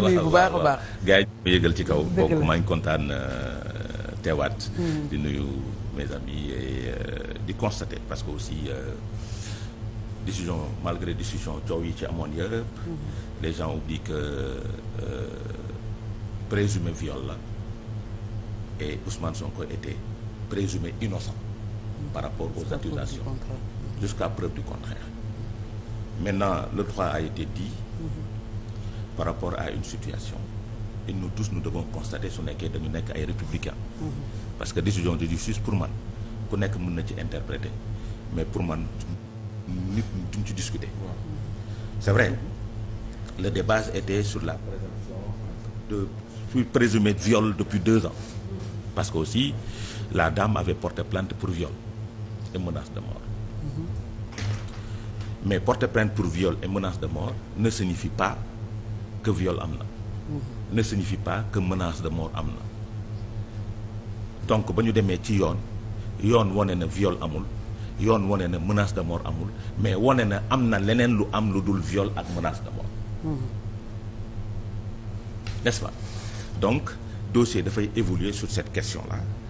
nuyu bu baax a baax ci kaw bokk maa ngi kontaan euh, teewaat hmm. di nuyu mes amis et euh, di constater parce que aussi euh, décision malgré décision coow yi ci amoon yëpp hmm. les gens oublient que présumé viol la et Ousmane Sonko était présumé innocent par rapport aux accusations jusqu'à preuve du contraire maintenant le droit a été dit par rapport à une situation et nous tous nous devons constater su nekkee dañu nekk ay républicains. Mm-hmm. parce que décision de justice pour man ku nekk mën na ci interpréter mais pour man nit duñ ci discuter. c'est vrai le débat était sur la présomption de sur présumé depuis deux ans parce que aussi la dame avait porté plainte pour viol et menace de mort. Mm-hmm. mais porter plainte pour viol et menace de mort ne signifie pas que viol am na ne signifie pas que menace de mort am na donc ba ñu demee ci yoon yoon wane na viol amul yoon wane na menace de mort amul mais wane na am na leneen lu am lu dul viol ak menace de mort mm-hmm. n'est-ce pas donc dossier dafay évoluer sur cette question la